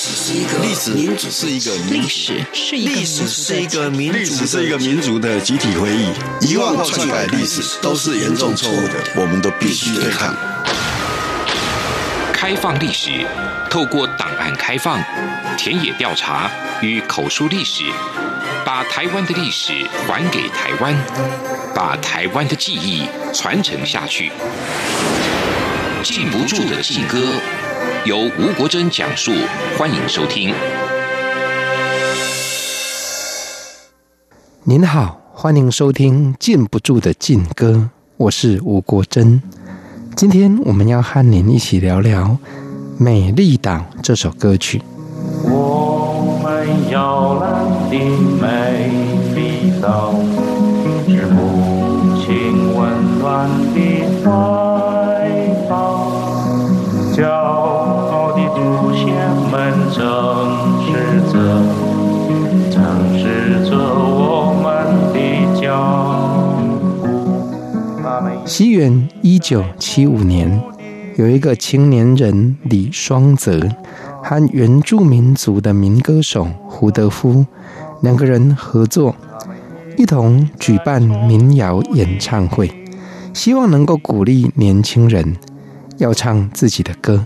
歷史是一個歷史是一個歷史是一個民族的，歷史，民族的歷史是一個民族的集體回憶，遺忘篡改歷史，歷史都是嚴重錯誤的，我們都必須對抗。開放歷史，透過檔案開放、田野調查與口述歷史，把台灣的歷史還給台灣，把台灣的記憶傳承下去。禁不住的禁歌。禁由吳國珍講述，歡迎收聽。您好，歡迎收聽《禁不住的禁歌》，我是吳國珍。今天我們要和您一起聊聊《美麗島》這首歌曲。我們搖籃的美麗島，是母親溫暖的懷西元一九七五年，有一個青年人李雙澤和原住民族的民歌手胡德夫兩個人合作，一同舉辦民謠演唱會，希望能夠鼓勵年輕人要唱自己的歌。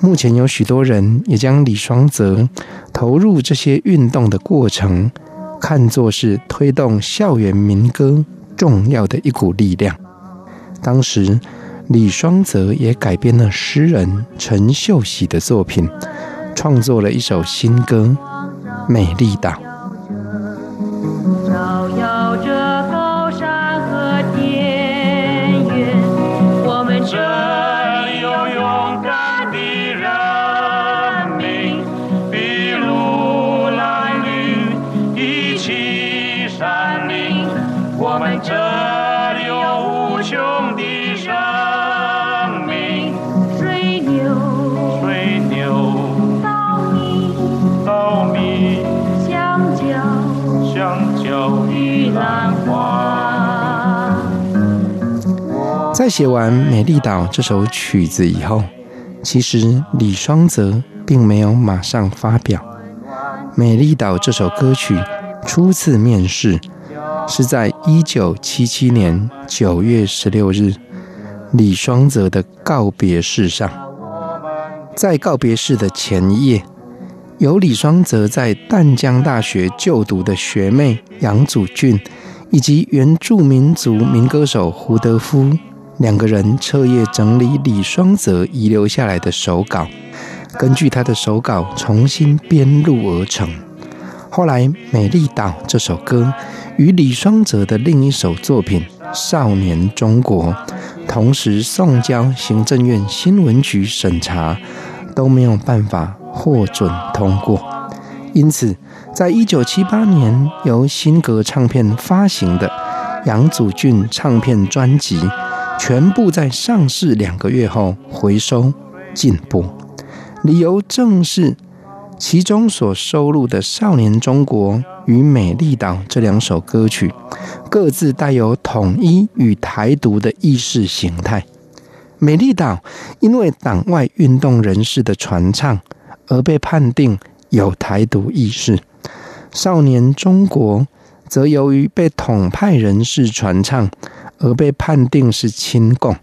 目前有許多人也將李雙澤投入這些運動的過程，看作是推動校園民歌重要的一股力量。當時，李雙澤也改編了詩人陳秀喜的作品，創作了一首新歌《美麗島》。在寫完《美麗島》這首曲子以後，其實李雙澤並沒有馬上發表《美麗島》這首歌曲。初次面世是在一九七七年九月十六日，李雙澤的告別式上。在告別式的前夜，由李雙澤在淡江大學就讀的學妹楊祖珺，以及原住民族民歌手胡德夫。兩個人徹夜整理李雙澤遺留下來的手稿，根據他的手稿重新編錄而成。後來，《美麗島》這首歌與李雙澤的另一首作品《少年中國》同時送交行政院新聞局審查，都沒有辦法獲准通過。因此，在一九七八年由新格唱片發行的楊祖珺唱片專輯。全部在上市兩個月後回收，禁播，理由正是其中所收錄的《少年中國》與《美麗島》這兩首歌曲，各自帶有統一與台獨的意識形態。《美麗島》因為黨外運動人士的傳唱而被判定有台獨意識，《少年中國》則由於被統派人士傳唱而被判定是親共、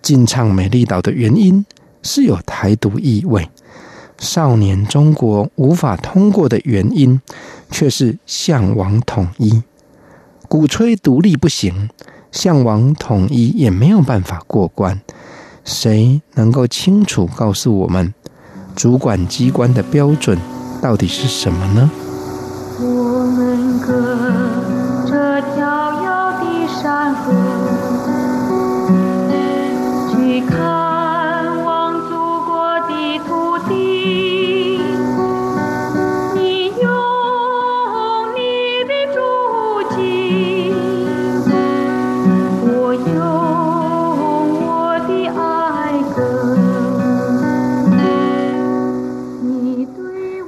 禁唱美麗島的原因是有台獨意味，少年中國無法通過的原因卻是向往統一，鼓吹獨立不行，向往統一也沒有辦法過關。誰能夠清楚告訴我們主管機關的標準到底是什麼呢？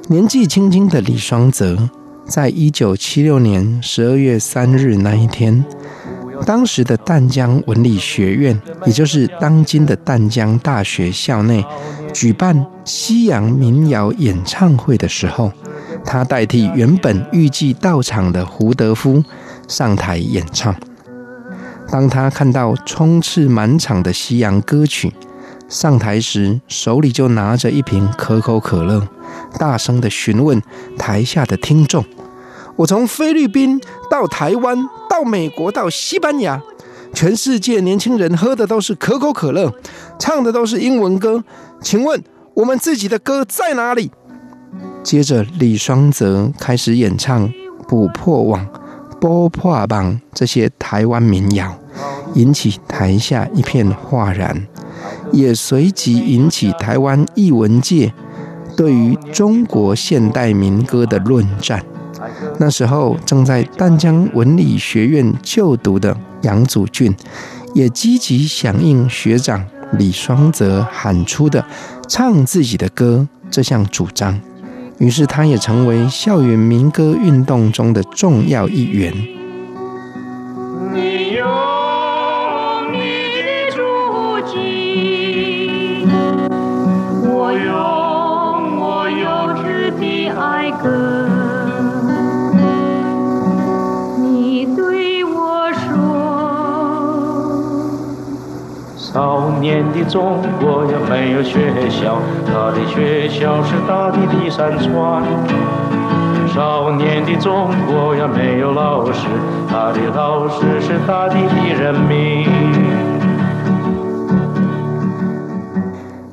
年紀輕輕的李雙澤，在一九七六年十二月三日那一天，當時的淡江文理學院，也就是當今的淡江大學校內，舉辦西洋民謠演唱會的時候，他代替原本預計到場的胡德夫上台演唱。當他看到充斥滿場的西洋歌曲，上台時，手裡就拿着一瓶可口可樂，大聲地詢問台下的聽眾：“我從菲律賓到台灣，到美國，到西班牙，全世界年輕人喝的都是可口可樂，唱的都是英文歌，請問我們自己的歌在哪裡？”接着，李雙澤開始演唱《捕破網》《波破網》這些台灣民謠，引起台下一片嘩然。也隨即引起台灣藝文界對於中國現代民歌的論戰。那時候正在淡江文理學院就讀的楊祖珺也積極響應學長李雙澤喊出的“唱自己的歌”這項主張，於是他也成為校園民歌運動中的重要一員。中國也，沒有學校，他的學校是大地的山川；少年的中國也，沒有老師，他的老師是大地的人民。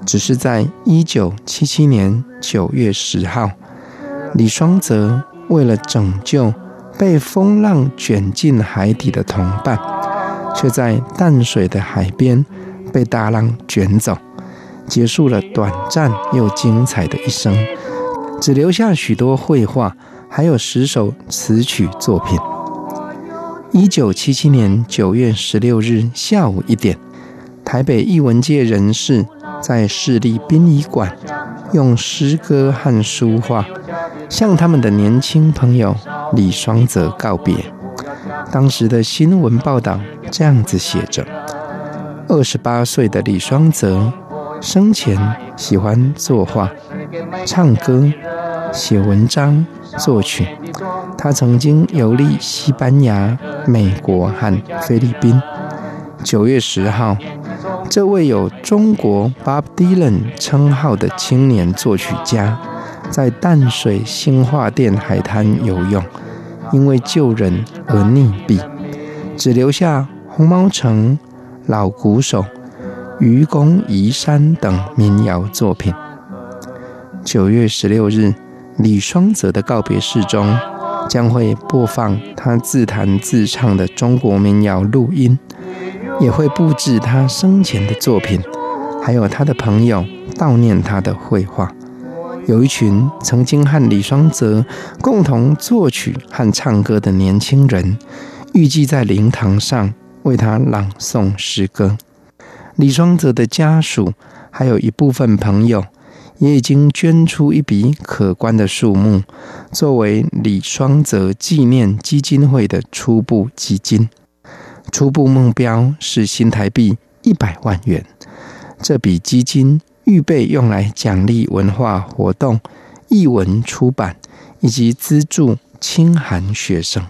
只是在一九七七年九月十號，李雙澤為了拯救被風浪捲進海底的同伴，卻在淡水的海邊。被大浪捲走，結束了短暫又精彩的一生，只留下許多繪畫，還有十首詞曲作品。一九七七年九月十六日下午一點，台北藝文界人士在市立殯儀館用詩歌和書畫向他們的年輕朋友李雙澤告別。當時的新聞報道這樣子寫着。二十八歲的李雙澤生前喜歡作畫、唱歌、寫文章、作曲。他曾經游歷西班牙、美國和菲律賓。九月十號，這位有“中國 Bob Dylan” 稱號的青年作曲家，在淡水興化店海灘游泳，因為救人而溺斃，只留下紅毛城。老鼓手《愚公移山》等民謠作品。九月十六日，李雙澤的告別式中將會播放他自彈自唱的中國民謠錄音，也會佈置他生前的作品，還有他的朋友悼念他的繪畫。有一群曾經和李雙澤共同作曲和唱歌的年輕人，預計在靈堂上為他朗誦詩歌。李雙澤的家屬還有一部分朋友，也已經捐出一筆可觀的數目，作為李雙澤紀念基金會的初步基金。初步目標是新台幣一百萬元。這筆基金預備用來獎勵文化活動、藝文出版以及資助清寒學生。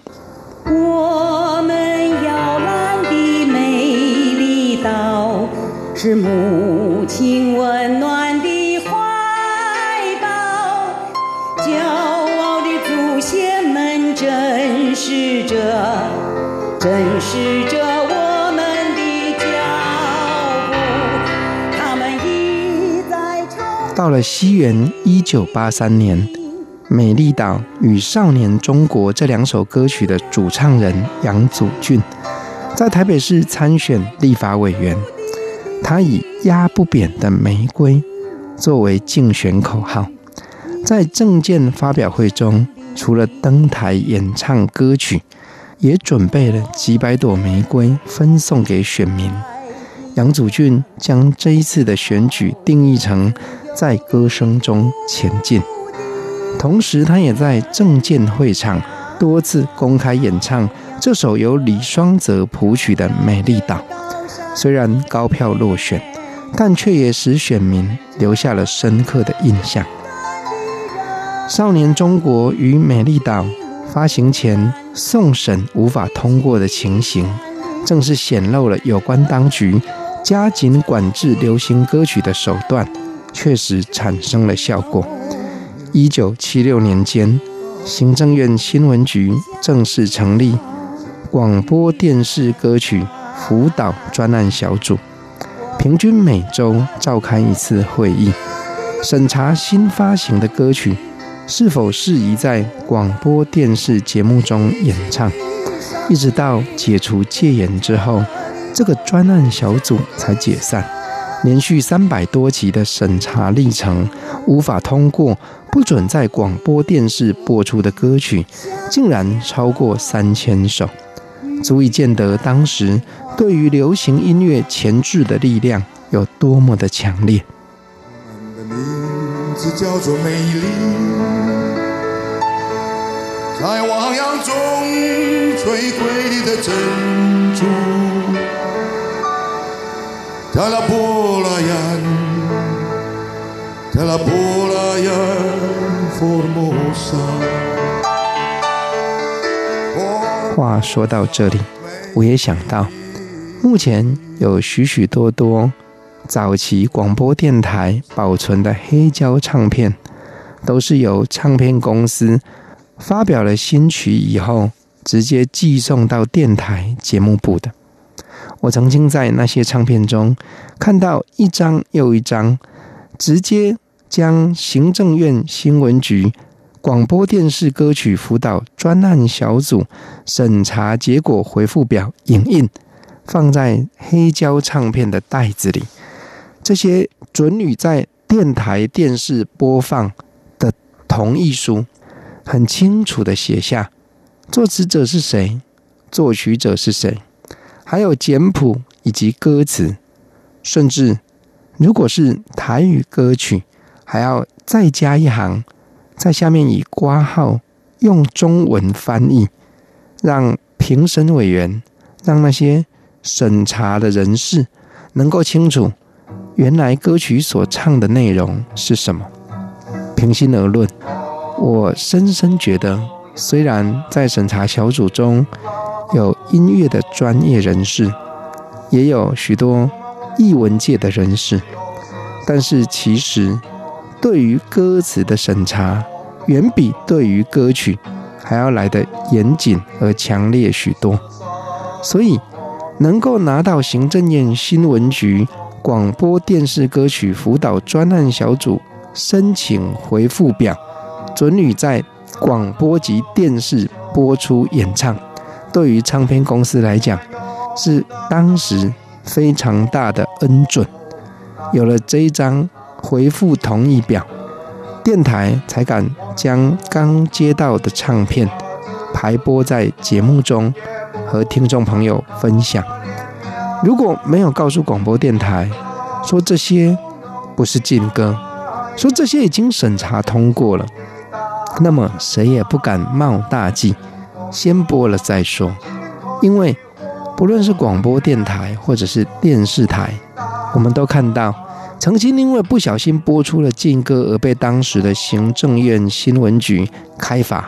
是母親溫暖的懷抱，驕傲的祖先們正視着，正視着我們的腳步。他們已在……到了西元一九八三年，美麗島與少年中國這兩首歌曲的主唱人楊祖珺在台北市參選立法委員。他以壓不扁的玫瑰作為競選口號，在政見發表會中，除了登台演唱歌曲，也準備了幾百朵玫瑰分送給選民。楊祖珺將這一次的選舉定義成在歌聲中前進，同時他也在政見會場多次公開演唱這首由李雙澤譜曲的《美麗島》。雖然高票落選，但卻也使選民留下了深刻的印象。《少年中國與美麗島》發行前送審無法通過的情形，正是顯露了有關當局加緊管制流行歌曲的手段，確實產生了效果。一九七六年間，行政院新聞局正式成立廣播電視歌曲。輔導專案小組平均每週召開一次會議，審查新發行的歌曲是否適宜在廣播電視節目中演唱。一直到解除戒嚴之後，這個專案小組才解散。連續三百多集的審查歷程，無法通過、不准在廣播電視播出的歌曲，竟然超過三千首。足以見得，當時對於流行音樂箝制的力量有多麼的強烈。我們的名字叫做美麗在話說到這裡，我也想到，目前有許許多多早期廣播電臺保存的黑膠唱片，都是由唱片公司發表了新曲以後，直接寄送到電臺節目部的。我曾經在那些唱片中看到一張又一張，直接將行政院新聞局，廣播電視歌曲輔導專案小組審查結果回復表影印，放在黑膠唱片的袋子裡。這些准予在電台電視播放的同意書，很清楚地寫下作詞者是誰，作曲者是誰，還有簡譜以及歌詞。甚至如果是台語歌曲，還要再加一行，在下面以括號用中文翻譯，讓評審委員、讓那些審查的人士能夠清楚，原來歌曲所唱的內容是什麼。平心而論，我深深覺得，雖然在審查小組中有音樂的專業人士，也有許多藝文界的人士，但是其實。對於歌詞的審查，遠比對於歌曲還要來得嚴謹而強烈許多。所以，能夠拿到行政院新聞局廣播電視歌曲輔導專案小組申請回覆表，准予在廣播及電視播出演唱，對於唱片公司來講，是當時非常大的恩準。有了這一張。回覆同意表，電台才敢將剛接到的唱片排播在節目中和聽眾朋友分享。如果沒有告訴廣播電台說這些不是禁歌，說這些已經審查通過了，那麼誰也不敢冒大忌，先播了再說。因為不論是廣播電台或者是電視台，我們都看到。曾經因為不小心播出了禁歌而被當時的行政院新聞局開罰，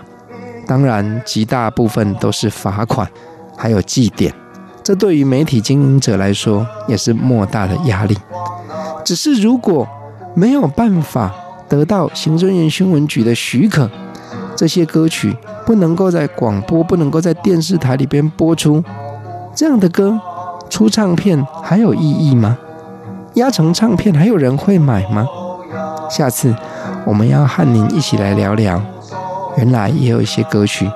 當然，極大部分都是罰款，還有記點，這對於媒體經營者來說也是莫大的壓力。只是如果沒有辦法得到行政院新聞局的許可，這些歌曲不能夠在廣播、不能夠在電視台裡邊播出，這樣的歌出唱片還有意義嗎？壓成唱片還有人會買嗎？下次我們要和您一起來聊聊，原來也有一些歌曲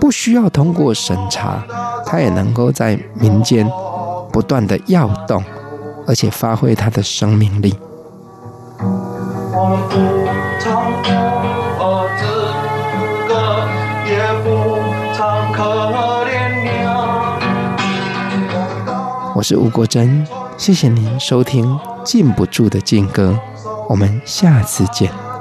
不需要通過審查，它也能夠在民間不斷地躍動，而且發揮它的生命力。我是吳國珍。謝謝您收聽《禁不住的禁歌》，我們下次見。